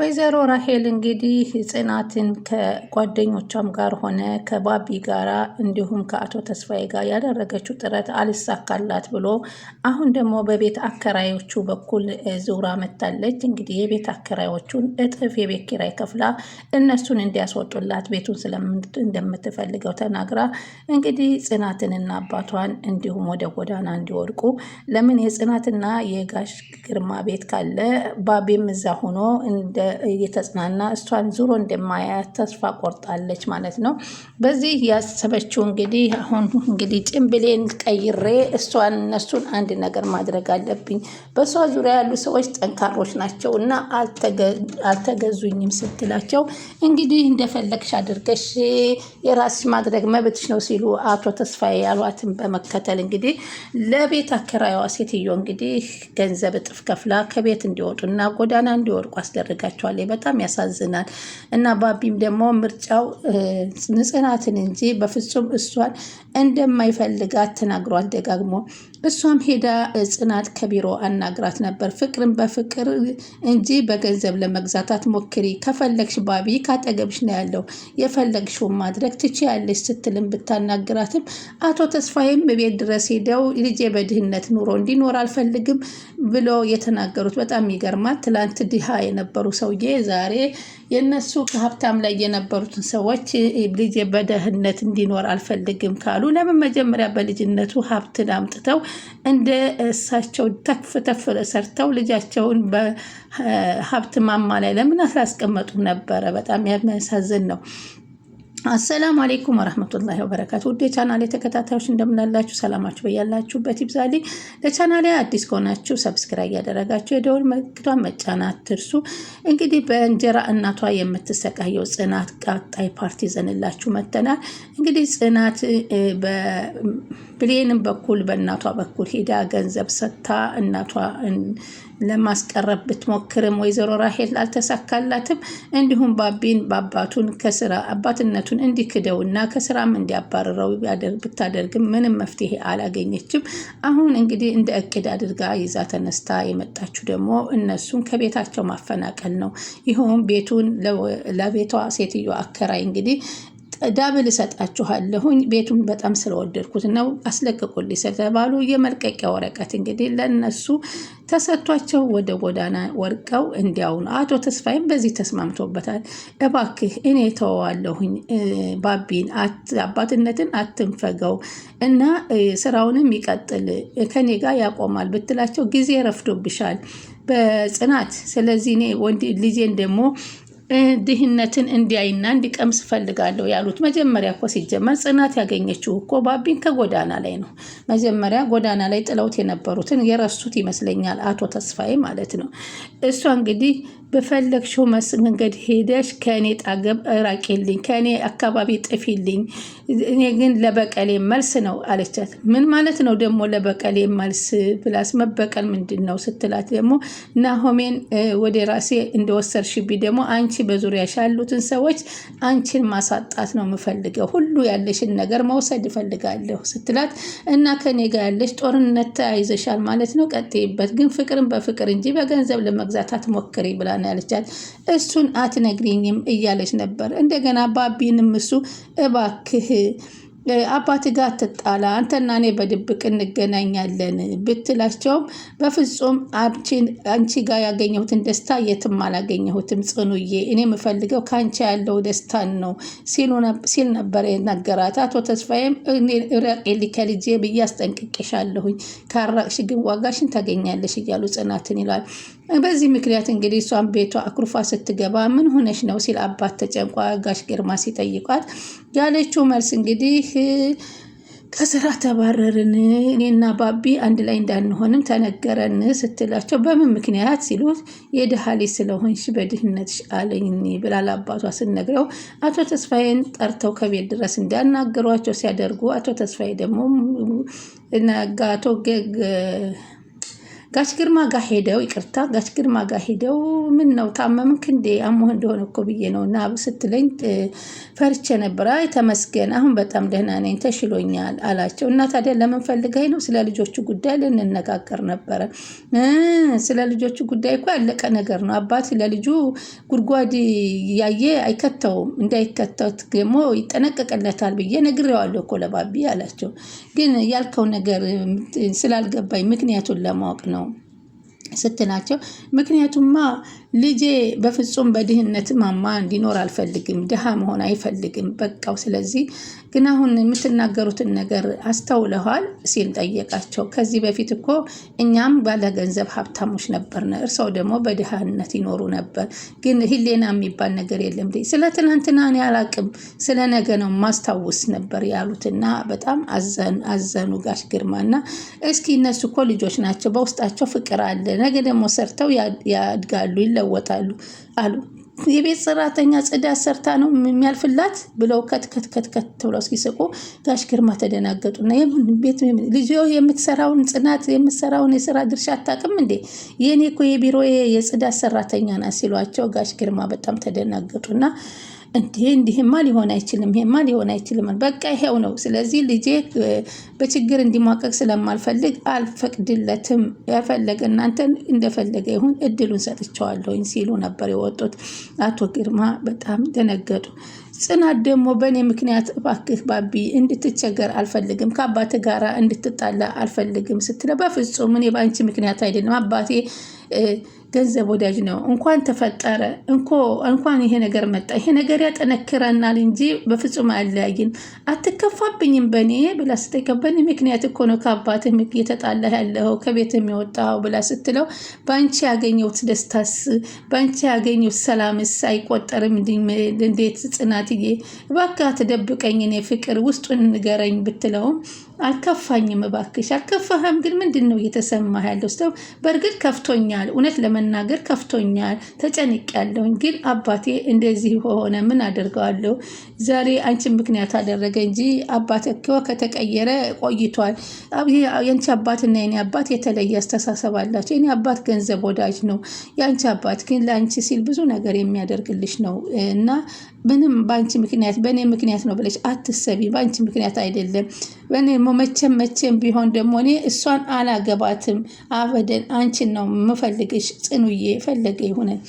ወይዘሮ ራሄል እንግዲህ ጽናትን ከጓደኞቿም ጋር ሆነ ከባቢ ጋር እንዲሁም ከአቶ ተስፋዬ ጋር ያደረገችው ጥረት አልሳካላት ብሎ አሁን ደግሞ በቤት አከራዮቹ በኩል ዙራ መታለች። እንግዲህ የቤት አከራዮቹን እጥፍ የቤት ኪራይ ከፍላ እነሱን እንዲያስወጡላት ቤቱን እንደምትፈልገው ተናግራ እንግዲህ ጽናትንና አባቷን እንዲሁም ወደ ጎዳና እንዲወድቁ ለምን የጽናትና የጋሽ ግርማ ቤት ካለ ባቤም እዛ ሆኖ እንደ እየተጽናና እሷን ዙሮ እንደማያት ተስፋ ቆርጣለች ማለት ነው። በዚህ ያሰበችው እንግዲህ አሁን እንግዲህ ጭንብሌን ቀይሬ እሷን እነሱን አንድ ነገር ማድረግ አለብኝ፣ በእሷ ዙሪያ ያሉ ሰዎች ጠንካሮች ናቸው እና አልተገዙኝም ስትላቸው እንግዲህ እንደፈለግሽ አድርገሽ የራስሽ ማድረግ መብትሽ ነው ሲሉ አቶ ተስፋዬ ያሏትን በመከተል እንግዲህ ለቤት አከራይዋ ሴትዮ እንግዲህ ገንዘብ እጥፍ ከፍላ ከቤት እንዲወጡና ጎዳና እንዲወድቁ አስደርጋቸው ብያችኋለሁ። በጣም ያሳዝናል። እና ባቢም ደግሞ ምርጫው ጽናትን እንጂ በፍጹም እሷን እንደማይፈልጋት ተናግሯል ደጋግሞ። እሷም ሄዳ ጽናት ከቢሮ አናግራት ነበር። ፍቅርን በፍቅር እንጂ በገንዘብ ለመግዛታት ሞክሪ ከፈለግሽ ባቢ ካጠገብሽ ነው ያለው፣ የፈለግሽውን ማድረግ ትችያለሽ ስትልም ብታናግራትም አቶ ተስፋዬም ቤት ድረስ ሄደው ልጄ በድህነት ኑሮ እንዲኖር አልፈልግም ብሎ የተናገሩት በጣም ይገርማል። ትላንት ድሃ የነበሩ ሰው ሰውዬ ዛሬ የነሱ ከሀብታም ላይ የነበሩትን ሰዎች ልጅ በደህንነት እንዲኖር አልፈልግም ካሉ ለምን መጀመሪያ በልጅነቱ ሀብትን አምጥተው እንደ እሳቸው ተፍ ተፍ ሰርተው ልጃቸውን በሀብት ማማ ላይ ለምን አስላስቀመጡ ነበረ? በጣም የሚያሳዝን ነው። አሰላሙ አሌይኩም ወረህመቱላሂ ወበረካቱ። ውድ የቻናሌ ተከታታዮች እንደምናላችሁ ሰላማችሁ በያላችሁበት ይብዛል። ለቻናሌ አዲስ ከሆናችሁ ሰብስክራይብ እያደረጋችሁ የደወል ምልክቷን መጫን አትርሱ። እንግዲህ በእንጀራ እናቷ የምትሰቃየው ጽናት ቀጣይ ፓርቲ ይዘንላችሁ መጥተናል። እንግዲህ ጽናት በብሌንም በኩል በእናቷ በኩል ሄዳ ገንዘብ ሰጥታ እናቷ ለማስቀረብ ብትሞክርም ወይዘሮ ራሄል አልተሳካላትም። እንዲሁም ባቢን በአባቱን ከስራ አባትነቱ እንዲክደው እና ከስራም እንዲያባረረው ብታደርግም ምንም መፍትሄ አላገኘችም። አሁን እንግዲህ እንደ እቅድ አድርጋ ይዛ ተነስታ የመጣችው ደግሞ እነሱን ከቤታቸው ማፈናቀል ነው። ይኸውም ቤቱን ለቤቷ ሴትዮ አከራይ እንግዲህ ዳብል እሰጣችኋለሁኝ ቤቱን በጣም ስለወደድኩት ነው አስለቅቁልኝ ስለተባሉ የመልቀቂያ ወረቀት እንግዲህ ለነሱ ተሰጥቷቸው ወደ ጎዳና ወርቀው እንዲያው ነው። አቶ ተስፋይም በዚህ ተስማምቶበታል። እባክህ እኔ ተወዋለሁኝ ባቢን አባትነትን አትንፈገው እና ስራውንም ይቀጥል ከኔ ጋር ያቆማል ብትላቸው ጊዜ ረፍዶብሻል በጽናት ስለዚህ እኔ ወንድ ልጄን ደግሞ ድህነትን እንዲያይና እንዲቀምስ ፈልጋለሁ ያሉት መጀመሪያ እኮ ሲጀመር ጽናት ያገኘችው እኮ ባቢን ከጎዳና ላይ ነው። መጀመሪያ ጎዳና ላይ ጥለውት የነበሩትን የረሱት ይመስለኛል አቶ ተስፋዬ ማለት ነው። እሷ እንግዲህ በፈለግሽው መንገድ ሄደሽ ከእኔ ጣገብ ራቂልኝ፣ ከእኔ አካባቢ ጥፊልኝ፣ እኔ ግን ለበቀሌ መልስ ነው አለቻት። ምን ማለት ነው ደግሞ ለበቀሌ መልስ ብላስ መበቀል ምንድን ነው ስትላት ደግሞ ናሆሜን ወደ ራሴ እንደወሰድሽብኝ ደግሞ አንቺ በዙሪያ ያሉትን ሰዎች አንቺን ማሳጣት ነው የምፈልገው፣ ሁሉ ያለሽን ነገር መውሰድ እፈልጋለሁ ስትላት እና ከኔ ጋር ያለሽ ጦርነት ተያይዘሻል ማለት ነው፣ ቀጥይበት፣ ግን ፍቅርን በፍቅር እንጂ በገንዘብ ለመግዛት አትሞክሪ ብላ ነው ያለቻት። እሱን አትነግሪኝም እያለች ነበር። እንደገና ባቢንም እሱ እባክህ አባት ጋር ትጣላ አንተና እኔ በድብቅ እንገናኛለን ብትላቸውም በፍጹም አንቺ ጋር ያገኘሁትን ደስታ የትም አላገኘሁትም ጽኑዬ፣ እኔ የምፈልገው ከአንቺ ያለው ደስታን ነው ሲል ነበር ነገራት። አቶ ተስፋዬም ረቄ ከልጄ ብዬ አስጠንቅቄሻለሁኝ፣ ካራቅሽ ግን ዋጋሽን ታገኛለሽ እያሉ ጽናትን ይሏል። በዚህ ምክንያት እንግዲህ እሷን ቤቷ አኩርፋ ስትገባ ምን ሆነች ነው ሲል አባት ተጨንቋ ጋሽ ግርማ ሲጠይቋት ያለችው መልስ እንግዲህ ከስራ ተባረርን፣ እኔና ባቢ አንድ ላይ እንዳንሆንም ተነገረን ስትላቸው በምን ምክንያት ሲሉት የድሃ ልጅ ስለሆንሽ በድህነትሽ አለኝ ብላል አባቷ ስነግረው አቶ ተስፋዬን ጠርተው ከቤት ድረስ እንዳናገሯቸው ሲያደርጉ አቶ ተስፋዬ ደግሞ ገግ ጋሽ ግርማ ጋ ሄደው ይቅርታ፣ ጋሽ ግርማ ጋ ሄደው ምን ነው ታመምክ እንዴ? አሞህ እንደሆነ እኮ ብዬ ነው እና ስትለኝ ፈርቼ ነበር። አይ ተመስገን፣ አሁን በጣም ደህና ነኝ፣ ተሽሎኛል አላቸው። እና ታዲያ ለምን ፈልገህ ነው? ስለ ልጆቹ ጉዳይ ልንነጋገር ነበረ። ስለ ልጆቹ ጉዳይ እኮ ያለቀ ነገር ነው። አባት ለልጁ ጉድጓድ ያየ አይከተውም፣ እንዳይከተት ደግሞ ይጠነቀቅለታል ብዬ ነግሬዋለሁ እኮ ለባቢ አላቸው። ግን ያልከው ነገር ስላልገባኝ ምክንያቱን ለማወቅ ነው ስትላቸው ምክንያቱማ ልጄ በፍጹም በድህነት ማማ እንዲኖር አልፈልግም፣ ድሃ መሆን አይፈልግም። በቃው ስለዚህ ግን አሁን የምትናገሩትን ነገር አስተውለዋል ሲል ጠየቃቸው። ከዚህ በፊት እኮ እኛም ባለገንዘብ ሀብታሞች ነበርን፣ እርሰው ደግሞ በድሃነት ይኖሩ ነበር። ግን ህሌና የሚባል ነገር የለም። ስለ ትናንትና እኔ አላቅም፣ ስለ ነገ ነው ማስታውስ ነበር ያሉትና በጣም አዘኑ ጋሽ ግርማና። እስኪ እነሱ እኮ ልጆች ናቸው፣ በውስጣቸው ፍቅር አለ። ነገ ደግሞ ሰርተው ያድጋሉ ይለወጣሉ አሉ። የቤት ሰራተኛ ጽዳት ሰርታ ነው የሚያልፍላት ብለው ከትከት ብለው ሲስቁ ጋሽ ግርማ ተደናገጡ ቤት ልጅ የምትሰራውን ጽናት የምትሰራውን የስራ ድርሻ አታውቅም እንዴ? የእኔ እኮ የቢሮ የጽዳት ሰራተኛ ናት ሲሏቸው ጋሽ ግርማ በጣም ተደናገጡና እንዴ እንዲህማ ሊሆን አይችልም፣ ይሄማ ሊሆን አይችልም፣ በቃ ይሄው ነው። ስለዚህ ልጄ በችግር እንዲሟቀቅ ስለማልፈልግ አልፈቅድለትም፣ ያፈለገ እናንተን እንደፈለገ ይሁን እድሉን ሰጥቸዋለሁኝ ሲሉ ነበር የወጡት። አቶ ግርማ በጣም ደነገጡ። ጽናት ደግሞ በእኔ ምክንያት እባክህ ባቢ እንድትቸገር አልፈልግም፣ ከአባት ጋራ እንድትጣላ አልፈልግም ስትለ በፍጹም እኔ በአንቺ ምክንያት አይደለም አባቴ ገንዘብ ወዳጅ ነው። እንኳን ተፈጠረ እንኳን ይሄ ነገር መጣ። ይሄ ነገር ያጠነክረናል እንጂ በፍጹም አያለያይን። አትከፋብኝም በእኔ ብላ ስትቀበል ምክንያት እኮ ነው ከአባትህ እየተጣላ ያለው ከቤት የሚወጣው ብላ ስትለው በአንቺ ያገኘሁት ደስታስ በአንቺ ያገኘሁት ሰላምስ አይቆጠርም? እንዴት ጽናትዬ እባክህ አትደብቀኝ፣ እኔ ፍቅር ውስጡን ንገረኝ ብትለውም አልከፋኝም እባክሽ። አልከፋህም፣ ግን ምንድን ነው እየተሰማህ ያለው ስተው፣ በእርግጥ ከፍቶኛል፣ እውነት ለመናገር ከፍቶኛል፣ ተጨንቄያለሁኝ። ግን አባቴ እንደዚህ ሆነ፣ ምን አደርገዋለሁ? ዛሬ አንቺን ምክንያት አደረገ እንጂ አባት እኮ ከተቀየረ ቆይቷል። የአንቺ አባትና የኔ አባት የተለየ አስተሳሰብ አላቸው። የኔ አባት ገንዘብ ወዳጅ ነው፣ የአንቺ አባት ግን ለአንቺ ሲል ብዙ ነገር የሚያደርግልሽ ነው እና ምንም በአንቺ ምክንያት በእኔ ምክንያት ነው ብለሽ አትሰቢ። በአንቺ ምክንያት አይደለም። በእኔ መቼም መቼም ቢሆን ደግሞ እኔ እሷን አላገባትም። አበደን አንቺን ነው የምፈልግሽ ጽኑዬ፣ ፈለገ ይሁነን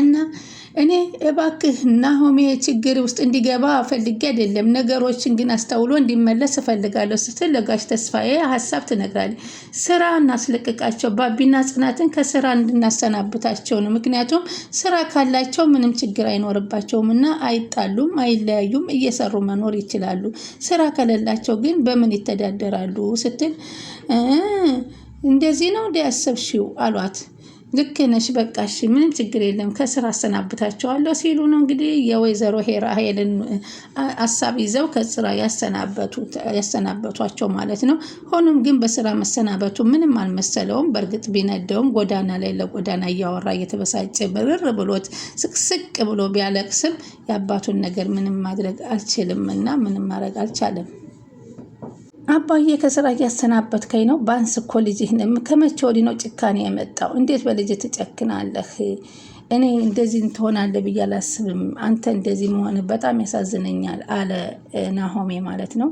እና እኔ እባክህ ናሆሜ ችግር ውስጥ እንዲገባ ፈልጌ አይደለም፣ ነገሮችን ግን አስተውሎ እንዲመለስ እፈልጋለሁ ስትል ለጋሽ ተስፋዬ ሀሳብ ትነግራለች። ስራ እናስለቅቃቸው፣ ባቢና ጽናትን ከስራ እንድናሰናብታቸው ነው። ምክንያቱም ስራ ካላቸው ምንም ችግር አይኖርባቸውም እና አይጣሉም፣ አይለያዩም፣ እየሰሩ መኖር ይችላሉ። ስራ ከሌላቸው ግን በምን ይተዳደራሉ ስትል እንደዚህ ነው እንዲያሰብሽው አሏት። ልክ ነሽ፣ በቃ እሺ፣ ምንም ችግር የለም ከስራ አሰናብታቸዋለሁ ሲሉ ነው እንግዲህ የወይዘሮ ራሄልን አሳብ ይዘው ከስራ ያሰናበቷቸው ማለት ነው። ሆኖም ግን በስራ መሰናበቱ ምንም አልመሰለውም። በእርግጥ ቢነደውም ጎዳና ላይ ለጎዳና እያወራ እየተበሳጨ ብርር ብሎት ስቅስቅ ብሎ ቢያለቅስም የአባቱን ነገር ምንም ማድረግ አልችልም እና ምንም ማድረግ አልቻለም። አባዬ ከስራ እያሰናበትከኝ ነው? ባንስ እኮ ህንም ከመቼ ወዲህ ነው ጭካኔ የመጣው? እንዴት በልጅ ትጨክናለህ? እኔ እንደዚህ ትሆናለህ ብዬ አላስብም። አንተ እንደዚህ መሆን በጣም ያሳዝነኛል አለ ናሆሜ ማለት ነው።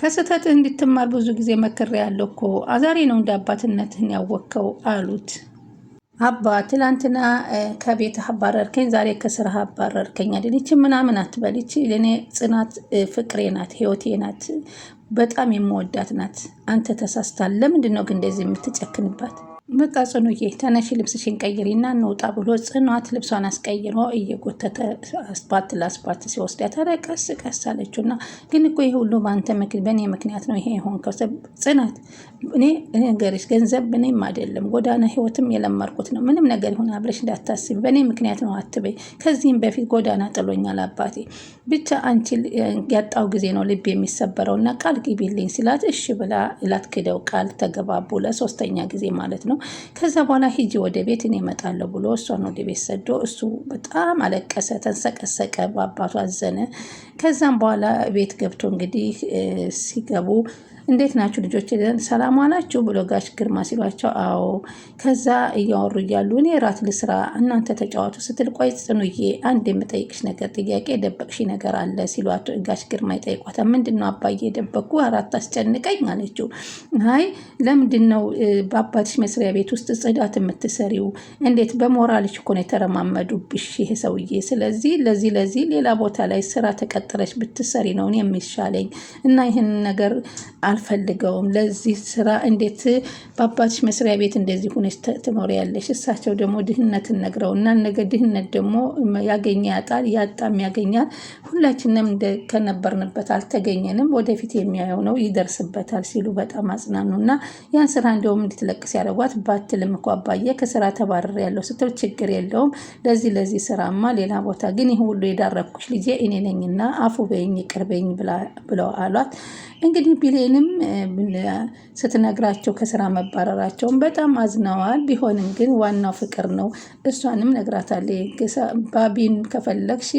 ከስህተትህ እንድትማር ብዙ ጊዜ መክሬያለሁ እኮ ዛሬ ነው እንደ አባትነትህን ያወቅከው አሉት። አባ ትላንትና ከቤት አባረርከኝ፣ ዛሬ ከስራ አባረርከኝ አደልች ምናምን አትበልች። ይቺ ለእኔ ጽናት ፍቅሬ ናት፣ ህይወቴ ናት፣ በጣም የምወዳት ናት። አንተ ተሳስታል። ለምንድን ነው ግን እንደዚህ የምትጨክንባት? በቃ ጽኑዬ ተነሽ ልብስሽን ቀይሪ ቀይሪና እንውጣ ብሎ ጽኗት ልብሷን አስቀይሮ እየጎተተ አስፓልት ለአስፓልት ሲወስዳት፣ ኧረ ቀስ ቀስ አለችው እና ግን እኮ ይህ ሁሉ በአንተ በእኔ ምክንያት ነው ይሄ የሆንከው። ጽናት እኔ ነገርሽ ገንዘብ ምንም አይደለም፣ ጎዳና ህይወትም የለመርኩት ነው። ምንም ነገር ይሁን አብረሽ እንዳታስቢ፣ በእኔ ምክንያት ነው አትበይ። ከዚህም በፊት ጎዳና ጥሎኛል አባቴ። ብቻ አንቺ ያጣው ጊዜ ነው ልብ የሚሰበረው እና ቃል ግቢልኝ ሲላት እሺ ብላ ላትክደው ቃል ተገባቡ ለሶስተኛ ጊዜ ማለት ነው። ከዛ በኋላ ሂጂ ወደ ቤት እኔ እመጣለሁ ብሎ እሷን ወደ ቤት ሰዶ እሱ በጣም አለቀሰ፣ ተንሰቀሰቀ፣ በአባቱ አዘነ። ከዛም በኋላ ቤት ገብቶ እንግዲህ ሲገቡ እንዴት ናችሁ ልጆች ሰላማ ናችሁ ብሎ ጋሽ ግርማ ሲሏቸው፣ አዎ። ከዛ እያወሩ እያሉ እኔ ራት ልስራ እናንተ ተጫዋቱ ስትል፣ ቆይ ጽኑዬ፣ አንድ የምጠይቅሽ ነገር ጥያቄ የደበቅሽ ነገር አለ ሲሏቸው ጋሽ ግርማ ይጠይቋታል። ምንድን ነው አባዬ የደበቅኩ? አራት አስጨንቀኝ አለችው። አይ ለምንድን ነው በአባትሽ መስሪያ ቤት ውስጥ ጽዳት የምትሰሪው? እንዴት በሞራልሽ እኮ ነው የተረማመዱብሽ ይሄ ሰውዬ። ስለዚህ ለዚህ ለዚህ ሌላ ቦታ ላይ ስራ ተቀጥረሽ ብትሰሪ ነው እኔ የሚሻለኝ እና ይህን ነገር አልፈልገውም። ለዚህ ስራ እንዴት በአባትሽ መስሪያ ቤት እንደዚህ ሆነሽ ትኖሪያለሽ? እሳቸው ደግሞ ድህነትን ነግረው እና ነገ ድህነት ደግሞ ያገኘ ያጣል፣ ያጣም ያገኛል። ሁላችንም ከነበርንበት አልተገኘንም። ወደፊት የሚያየው ነው ይደርስበታል ሲሉ በጣም አጽናኑ እና ያን ስራ እንዲሁም እንድትለቅስ ያደረጓት ባትልም እኮ አባዬ ከስራ ተባረር ያለው ስትል ችግር የለውም ለዚህ ለዚህ ስራማ ሌላ ቦታ ግን ይህ ሁሉ የዳረኩሽ ልጄ እኔ ነኝና አፉ በይኝ ይቅር በይኝ ብለው አሏት። እንግዲህ ቢሌንም ስትነግራቸው ከስራ መባረራቸውን በጣም አዝነዋል። ቢሆንም ግን ዋናው ፍቅር ነው። እሷንም ነግራታለች። ባቢን ከፈለግሽ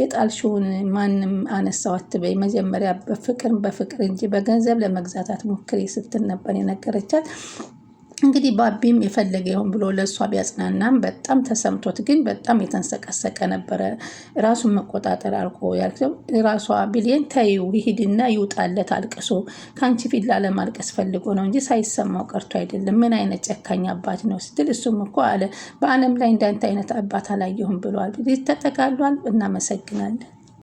የጣልሽውን ማንም አነሳው አትበይ፣ መጀመሪያ በፍቅር በፍቅር እንጂ በገንዘብ ለመግዛት አትሞክሪ ስትል ነበር የነገረቻት። እንግዲህ ባቢም የፈለገ ይሁን ብሎ ለእሷ ቢያጽናናም በጣም ተሰምቶት ግን በጣም የተንሰቀሰቀ ነበረ። ራሱን መቆጣጠር አልቆ ያልው ራሷ ብሌን ተይው ይሂድና ይውጣለት አልቅሶ ከአንቺ ፊት ላለማልቀስ ፈልጎ ነው እንጂ ሳይሰማው ቀርቶ አይደለም። ምን አይነት ጨካኝ አባት ነው ስትል እሱም እኮ አለ በዓለም ላይ እንዳንተ አይነት አባት አላየሁም ብሏል። ተጠቃሏል። እናመሰግናለን።